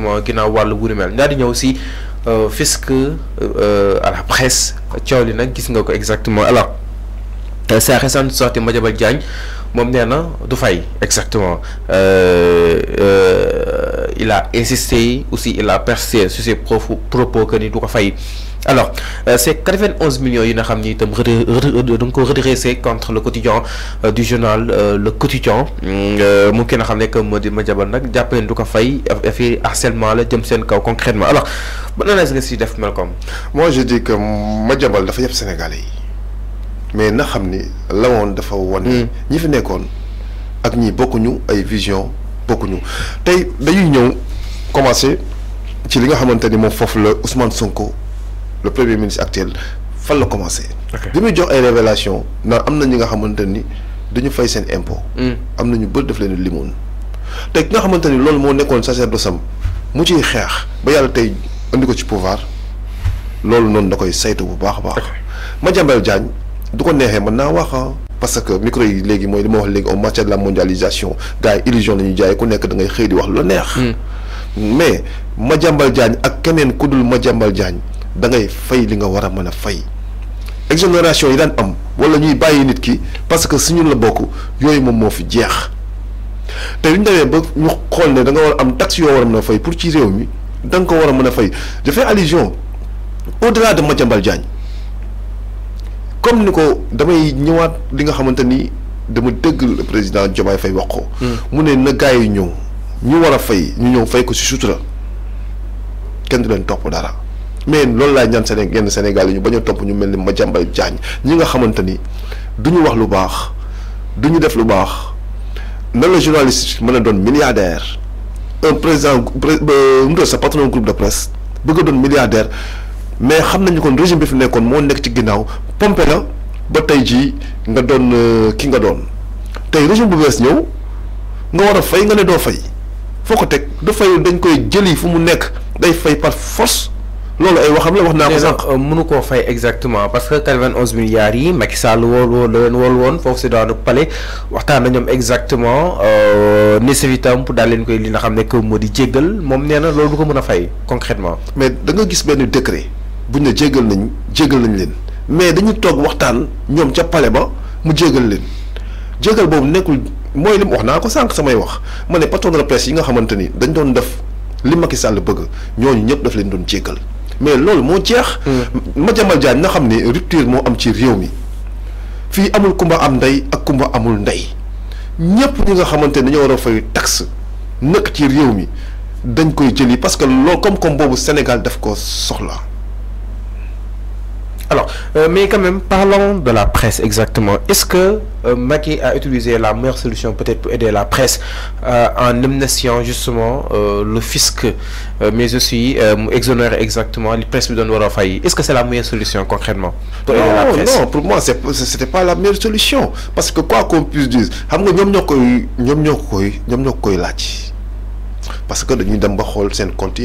exactement ginnaaw wàllu wu ni mel daal di ñëw si euh, fisc euh, à la presse coow li nag gis nga ko exactement alors euh, sa récente sortie Madiambal Diagne moom nee na du fay exactement il a insisté aussi il a percé sur ses propos que ni du ko fay alors euh, c'est c' 91 millions yi nga xam ni itam dañ ko redressé contre le quotidien euh, du journal euh, le quotidien moom ki nga xam ne que moo di Madiambal nag jàpp leen du ko fay affaire harcèlement la jëm seen kaw concrètement alors ban analyse nga si def Malcom. moi je dis que Madiambal dafa yëpp Sénégalais mais na xam ni la woon dafa wane. Mm. ñi fi nekkoon ak ñi bokkuñu ay vision bokkuñu tey dañuy ñëw commencé ci li nga xamante ni moom foofu Ousmane Sonko le premier ministre actuel fan la commencé. bi muy jox ay révélation na amna ñi nga xamanteni ni dañu fay seen impôt. Mm. amna ñu bëri daf leen limoon. te nga xamanteni lool mo moo nekkoon sacerdoce am mu ci xex ba yalla tay andi ko ci pouvoir lool non da koy saytu bu baax baax ma Madiambal Diagne du ko nexé man na wax hein, parce que micro yi légui moy li ma wax légui en matière de la mondialisation gars yi illusion lañu jaay ku nekk da ngay xey di wax lu neex. Mm. mais ma Madiambal Diagne ak keneen kudul ma Madiambal Diagne. da ngay fay li nga war a mën a fay exonération yi daan am wala ñuy bàyyi nit ki parce que suñu la bokk yooyu moom moo fi jeex te ñu demee ba ñu xool ne da nga war a am taxe yoo war a mën a fay pour ci réew mi da nga ko war a mën a fay je fais allusion au-delà de Madiambal Diagne comme ni ko damay ñëwaat li nga xamante ni dama dëgg le président Diomaye Faye wax ko. Hmm. mu ne na gars ñëw ñu war a fay ñu ñëw fay ko si sutura kenn du leen topp dara. mais loolu laay ñaan Séné genn Sénégal yi ñu bañ a topp ñu mel ni Madiambal Diagne ñi nga xamante ni du ñu wax lu baax du def lu baax nan la journaliste mën a doon milliardaire un président mu doon sa patron de presse bëgg a doon mais xam nañu kon régime bi fi nekkoon moo nekk ci ginnaaw pompe la ba tey jii nga doon euh, ki nga doon tey régime bu bees ñëw nga war a fay nga ne doo fay foo ko teg du fay dañ koy jëli fu mu nekk day fay par force. loolu ay waxam la wax naa ko sànq euh, mënu koo fay exactement parce que 91 milliards yi Macky Sall wool wool leen wool woon foofu si daanu palais waxtaan na ñoom exactement euh, nécessitam pour daal leen koy li na xam ne que moo di jéggal moom nee na loolu du ko mën a fay concrètement mais da nga gis benn bu buñ ne jéggal nañ jéggal nañ leen mais dañu toog waxtaan ñoom ca pale ba mu jéggal leen jéggal boobu nekkul mooy li mu wax naa ko sànq samay wax ma ne patron de la yi nga xamante ni dañ doon def li Macky Sall bëgg ñooñu ñëpp daf leen doon jéggal mais loolu moo jeex. Hmm. Madiambal Diagne nga xam ne rupture moo am ci réew mi fii amul kumba am ndey ak kumba amul ndey ñëpp ñi nga xamante ne dañoo war a fay taxe nëkk ci réew mi dañ koy jëli parce que loolu comme comme boobu Sénégal daf ko soxla. Alors, euh, mais quand même, parlons de la presse exactement. Est-ce que euh, a utilisé la meilleure solution peut-être pour aider la presse euh, en amnestiant justement euh, le fisc, mais aussi exonérer exactement les presse. de Noura Est-ce que c'est la meilleure solution concrètement pour non, pour moi, ce n'était pas la meilleure solution. Parce que quoi qu'on puisse dire, parce que nous avons un compte, nous avons un compte, nous avons un compte,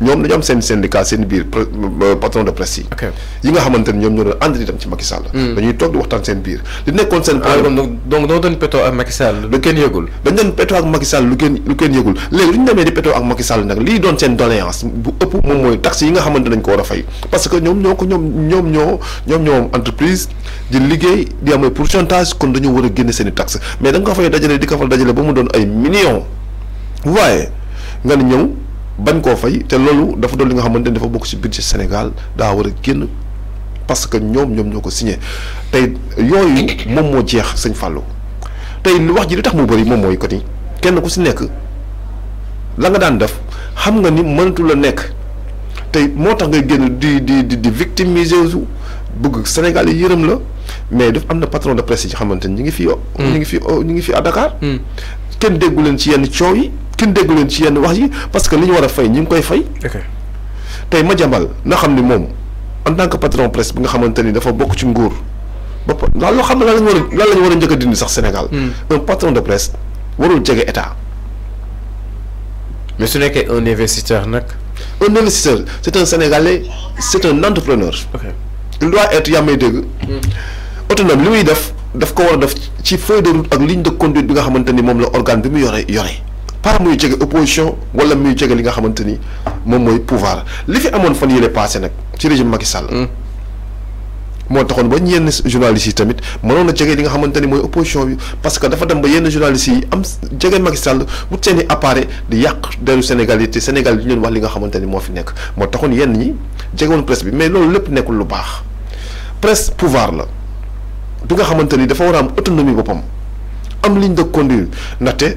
ñoom dañu am seen syndicat seen biir euh, patron de presse yi. yi nga xamante ne ñoom ñoo doon ànd di dem ci Macky Sall. Hmm. dañuy toog di waxtaan seen biir. li nekkoon seen ah, problème donc donc doo doon petoo ak Macky Sall lu kenn yëgul. dañ doon petoo ak Macky Sall lu kenn lu kenn yëgul léegi li ñu demee di petoo ak Macky nag lii doon seen doléance bu ëpp moom mooy taxes yi nga xamante dañ ko war a fay. parce que ñoom ñoo ko ñoom ñoom ñoo ñoom ñoo entreprise di liggéey di am ay kon dañoo war a génne seen i taxes mais da nga fay dajale di ko fa dajale ba mu doon ay millions waaye bañ ko fay té lolu dafa do li nga xamanteni dafa bok ci budget Sénégal da wara a parce que ñom ñom ñoko ko signé tey yooyu mom mo jeex seigne fallo tey lu wax ji li tax mo bari mom moy ko ni kenn ku ci nek la nga daan def xam nga ni mënatu la nek tey moo tax ngay di di di di victimiser wu bëgg Sénégal yi yërëm la mais dafa am na patron de presse yi xamanteni ñi ngi fi. ñi ngi fi ñi ngi fi à Dakar. Hmm. kenn déggu leen ci yenn coow yi. Qui parce que nous avons fait. fay ñu ma fait. na pas en tant que patron presse bi nga fait. dafa la ne fait. Sénégal. Hmm. un patron de presse warul jege état. mais ce n'est qu'un investisseur un investisseur c'est un sénégalais c'est un entrepreneur. il doit être yaa de dégg. Hmm. autonome li def daf ko de route de conduite bi nga organe par muy jege opposition wala muy jege li nga xamanteni mom moy pouvoir li fi amone fan yële passé nak ci régime Macky Sall. Hmm. moo taxoon ba yenn journalistes yi tamit mënoon a jege li nga xamanteni moy opposition bi parce que dafa dem ba yenn journalistes yi am jege Macky Sall wut seen i di yàq deru Sénégal yi te Sénégal di ñu wax li nga xamanteni mo fi nekk mo taxone yenn ñi jegewoon presse bi mais loolu lepp nekkul lu baax presse pouvoir la bi nga xamanteni dafa wara am autonomie bopam am ligne de conduire naté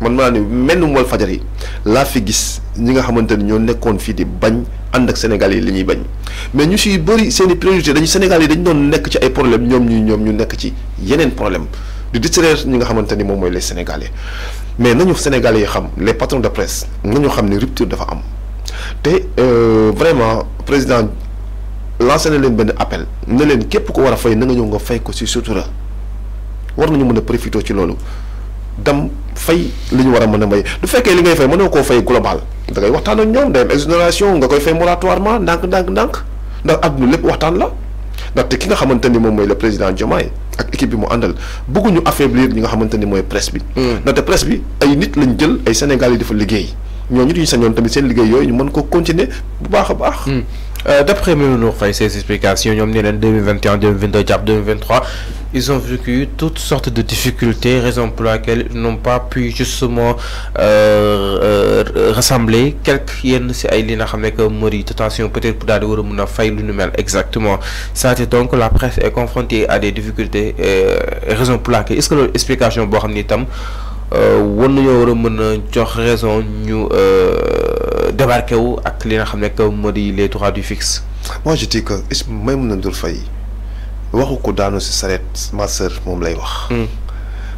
man maa ne mel ni wal fajar yi laa fi gis ñi nga xamante ni ñoo nekkoon fii di bañ ànd ak Sénégal yi li ñuy bañ mais ñu siy bëri seeni i priorité dañu Sénégal yi dañu doon nekk ci ay problème ñoom ñu ñoom ñu nekk ci yeneen problème di distraire ñi nga xamante ni moom mooy les Sénégalais mais nañu Sénégalais yi xam les patrons de presse nañu xam ni rupture dafa am te euh, vraiment président lancé na leen benn appel na leen képp ko war a fay na nga ñëw nga fay ko si sutura war nañu mën a profité ci loolu. dem fay li ñu war a mën a may du fekkee li ngay fay mënoo koo fay global da ngay waxtaan ak ñoom day am exonération nga koy fay moratoirement ndànk ndànk ndànk ndax àdduna lépp waxtaan la ndaxte ki nga xamante ni moom mooy la président Diomaye ak équipe bi mu àndal bëgguñu affaiblir ñi nga xamante ni mooy presse bi. Hmm. ndaxte presse bi ay nit lañ jël ay Sénégal yi dafa liggéey ñu ñu duñu sañoon tamit seen liggéey yooyu ñu mën ko continuer bu baax a baax. Hmm. Euh, d'après Mounour ces ses explications ñoom ne en 2021 2022 2023 ils ont vécu toutes sortes de difficultés raison pour laquelle ils n'ont pas pu justement euh, euh, rassembler quelque yenn si ay li que peut-être pour d'aller di war a fay exactement ça c'est donc la presse est confrontée à des difficultés raison pour laquelle est-ce que loolu explication boo xam ne itam war nañoo war a raison ñu débarqué wu ak li nga xam ne que moo di les droits du fixe. moi je dis may is na Ndour Faye waxu ko daanu si sareet ma moom lay wax. Hmm.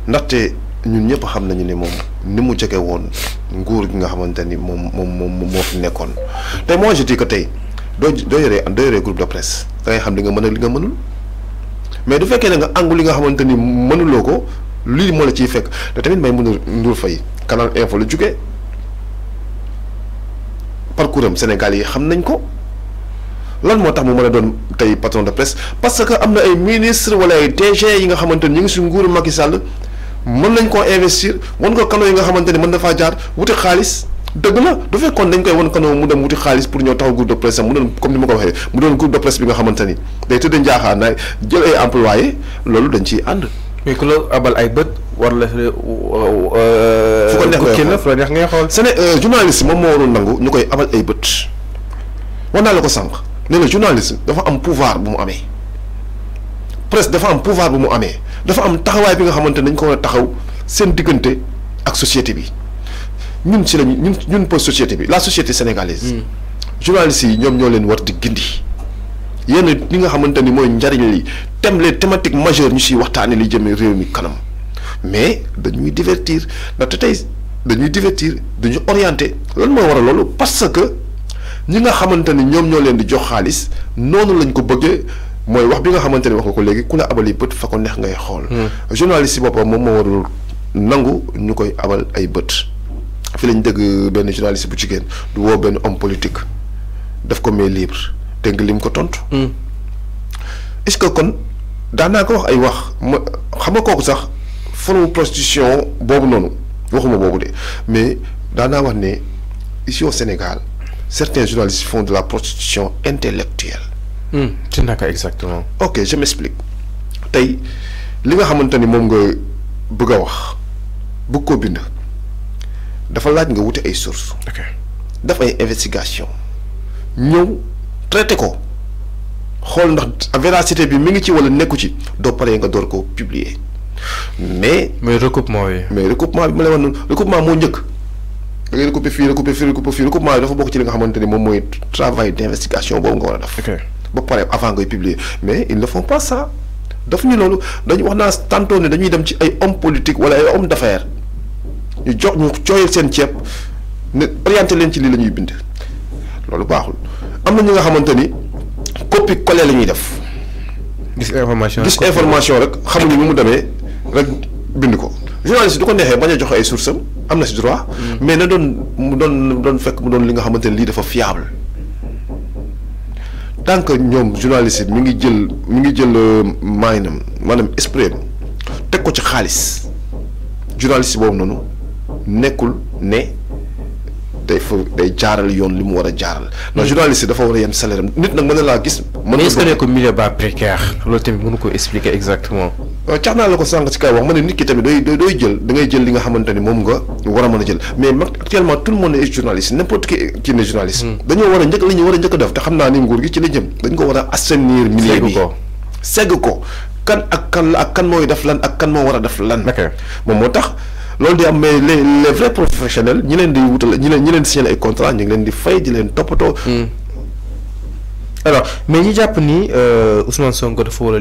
ndaxte ñun ñëpp xam nañu ni moom ni mu jege woon nguur gi nga xamante ni moom moom moom moo fi nekkoon te moi je dis que tey doo doo yoree doo groupe de presse da ngay xam li nga mën ak li nga mënul mais du fekkee ne nga àngu li nga xamante ni mënuloo ko lii moo la ciy fekk te tamit Maïmouna Ndour Faye Canal Info la jugee. parcours am Sénégal yi xam nañ ko lan moo tax mu mën a doon tey patron de presse parce que am na ay ministre wala ay DG yi nga xamante ni ñu ngi si nguuru i Sall mën nañ koo investir wan ko kanoo yi nga xamante ni mën na jaar wuti xaalis dëgg la du fekkoon dañ koy wan kanoo mu dem wuti xaalis pour ñëw taxaw groupe de presse am mu doon comme ni ma ko waxee mu doon groupe de presse bi nga xamante day tëdd njaaxaan jël ay employé loolu dañ ciy ànd. mais ku la abal ay bët. war la fu ko neex euh, ngay xool su ne euh, moom moo waroon nangu ñu koy abal ay bët war naa la ko sànq ne na journaliste dafa am pouvoir bu mu amee presse dafa am pouvoir bu mu amee dafa am taxawaay bi nga xamante ne dañ ko war a taxaw seen diggante ak société bi ñun si lañu ñun ñun pour société bi la société sénégalaise. Hmm. journalistes yi ñoom ñoo leen war di gindi. yenn ñi nga xamante ni mooy njariñ li thème les thématiques majeures ñu siy waxtaanee li jëmee réew mi kanam. mais dañuy divertir ndaxte tey dañuy divertir dañu orienté lan mooy waral loolu parce que ñi nga xamante ni ñoom ñoo leen di jox xaalis noonu lañ ko bëggee mooy wax bi nga xamante ni wax nga ko léegi ku la abal yi bët fa ko neex ngay xool. Hmm. journaliste yi boppam moom moo warul nangu ñu koy abal ay bët. fi lañ dëgg benn journaliste bu jigéen du woo benn homme politique daf ko mais libre dégg nga lim ko tontu. Hmm. est-ce que kon daanaa ko wax ay wax ma xam nga kooku sax. forme prostitution boobu nono, waxuma boobu de mais daanaa wax ne ici au Sénégal certains journalistes font de la prostitution intellectuelle. Hmm, ci naka exactement. ok je m'explique tey li nga xamante ni moom nga bëgg a wax bëgg koo bind dafa laaj nga wute ay sources. ok def ay investigation ñëw traité ko xool ndax véracité bi mi ngi ci ci nga door ko publier mais. mais recoupement oui mais recoupement bi ma la wax noonu recoupement moo njëkk da ngay recouper fii recouper fii recouper fii recoupement yi dafa bokk ci li nga xamante ni moom mooy travail d' investigation boobu nga war a def. ba pare avant ngay publier mais ils ne font pas ça daf ñu loolu dañu wax naa tantôt ne dañuy dem ci ay homme politique wala ay homme d' affaire ñu jox ñu cooyal seen ceeb ne orienté leen ci li la ñuy bind loolu baaxul am na ñi nga xamante ni copie collé la ñuy def. gis information gis information rek xamuñu ni mu demee. rek bind ko journaliste du ko neexee bañ a joxe ay sources am am na si droit. Mm. mais na doon mu doon doon fekk mu doon li nga xamante ne lii dafa fiable. tant que ñoom journaliste mi ngi jël mi ngi jël euh, maanaam maanaam esprit teg ko ci xaalis journaliste boobu noonu nekkul ne day fa day jaaral yoon li mu war a jaaral. non mm. journaliste dafa war a yem salaire nit nag mën na laa gis. mën na mais est ba que nekkul milieu bas précaire loolu tamit mënu ko expliquer exactement. Euh, cax naa la ko sànq si kaw wax ma ne nit ki tamit dooy dooy jël da jël li nga xamante moom nga war a mën a jël mais actuellement tout le monde est journaliste n'importe qui qui est journaliste hmm. war a njëkk li ñu war a njëkk def te xam naa ni nguur gi ci la jëm dañ ko war a assainir milieu bi ko kan ak kan la ak kan mooy def lan ak kan moo war a def lan moom moo tax loolu di am mais les les vrais leen di wutal ñi leen ñi leen signé ay contrat ñu ngi leen di fay di leen toppatoo hmm. alors mais ñu jàpp ni euh, Ousmane Sonko dafa war